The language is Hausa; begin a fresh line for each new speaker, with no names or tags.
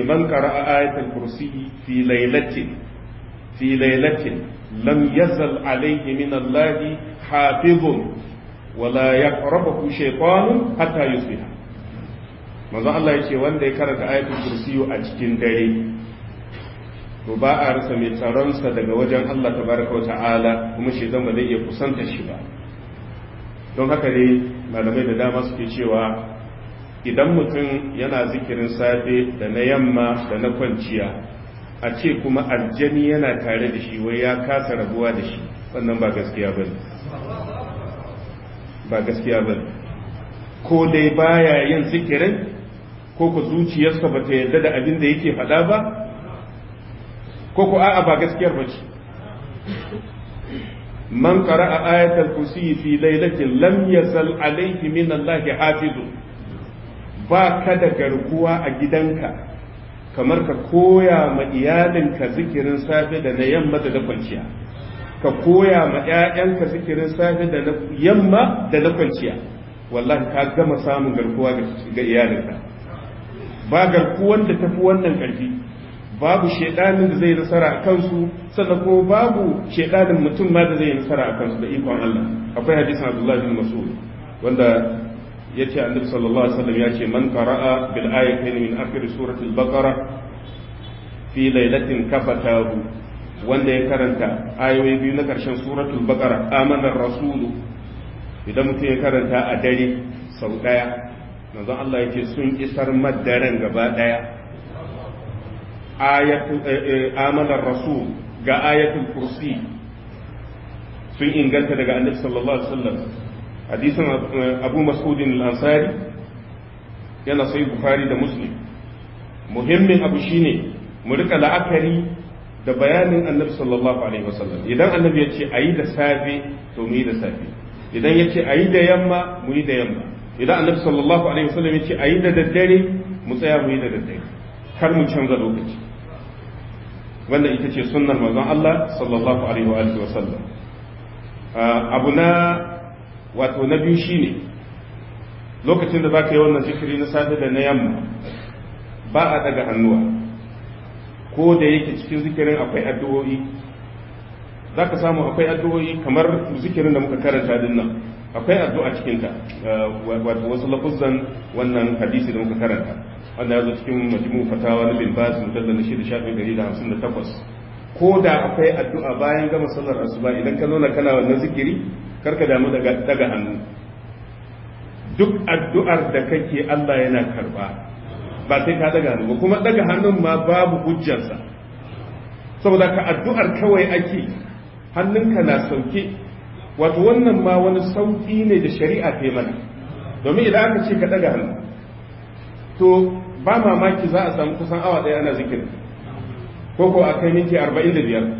man qara'a ayatul kursi fi lailatin fi lailatin lam yazal alayhi min Allah ya wala yaqrabu shaytanun hatta yusbiha manzo Allah yace wanda ya karanta ayatul kursi a cikin dare to ba a rasa mai tsaronsa daga wajen Allah tabaraka wa ta'ala kuma shaytan ba zai iya kusanta shi ba don haka ne malamai da dama suke cewa idan mutum yana zikirin safe da na yamma da na kwanciya a ce kuma aljani yana tare da shi wai ya kasa rabuwa da shi wannan ba gaskiya ba ne ba gaskiya ba ne ko dai baya yin zikirin ko ku zuciyarsa ba ta yarda da abin da yake faɗa ba ko ku a'a ba gaskiyar ba ce man a ayatul kursi fi lailatin lam yasal alayhi min allahi hafizun ba ka da garkuwa a gidanka kamar ka koya ma iyalinka zikirin safe da na yamma da na kwanciya ka koya ma 'ya'yanka zikirin safe da na yamma da na kwanciya wallahi ka gama samun garkuwa ga iyalinka ba garkuwan da tafi wannan ƙarfi babu shedanin da zai nasara a kansu sannan ko babu shedanin mutum ma da zai nasara a kansu da ikon Allah akwai hadisin Abdullah bin Mas'ud wanda yace annabi sallallahu alaihi wasallam yace man qara'a bil ayatin min akhir surati al-baqara fi lailatin kafatahu wanda ya karanta ayoyi biyu na karshen suratul baqara amanar rasulu idan mutum ya karanta a dare sau daya manzon Allah yace sun isar madaran gaba daya ayatu eh, eh, amanar rasul ga ayatul kursi sun inganta daga annabi sallallahu alaihi wasallam hadisin eh, abu mas'udin al-ansari yana sai bukhari da muslim muhimmin abu shine mu rika la'akari da bayanin annabi sallallahu alaihi wasallam idan annabi ya ce ayi da safe to mu yi da safe idan ya ce ayi da yamma mu yi da yamma idan annabi sallallahu alaihi wasallam ya ce ayi da daddare mu tsaya mu yi da daddare kar mu canza lokaci wannan ita ce sunnar manzon Allah sallallahu alaihi wa wasallam ah, abu na wato na biyu shine lokacin da zaka yi wannan zikiri na safe da na yamma ba a daga hannuwa ko da yake cikin zikirin akwai addu'o'i za ka samu akwai addu'o'i kamar zikirin da muka karanta din nan akwai addu'a ta eh, wato wasu lafuzan wannan hadisi da muka karanta wanda ya zo cikin majmu fatawa na bin baz mujallal na shida shafi gari da hamsin da takwas ko da akwai addu'a bayan gama sallar asuba idan ka nuna kana wannan zikiri karka damu daga daga hannu duk addu'ar da kake Allah yana karba ba sai ka daga hannu ba kuma daga hannun ma babu hujjarsa saboda ka addu'ar kawai ake hannunka na sauke wato wannan ma wani sauki ne da shari'a ta mana domin idan aka ce ka daga hannu to ba mamaki za a samu kusan awa ɗaya ana zikirin ko ko a kai minti arba'in da biyar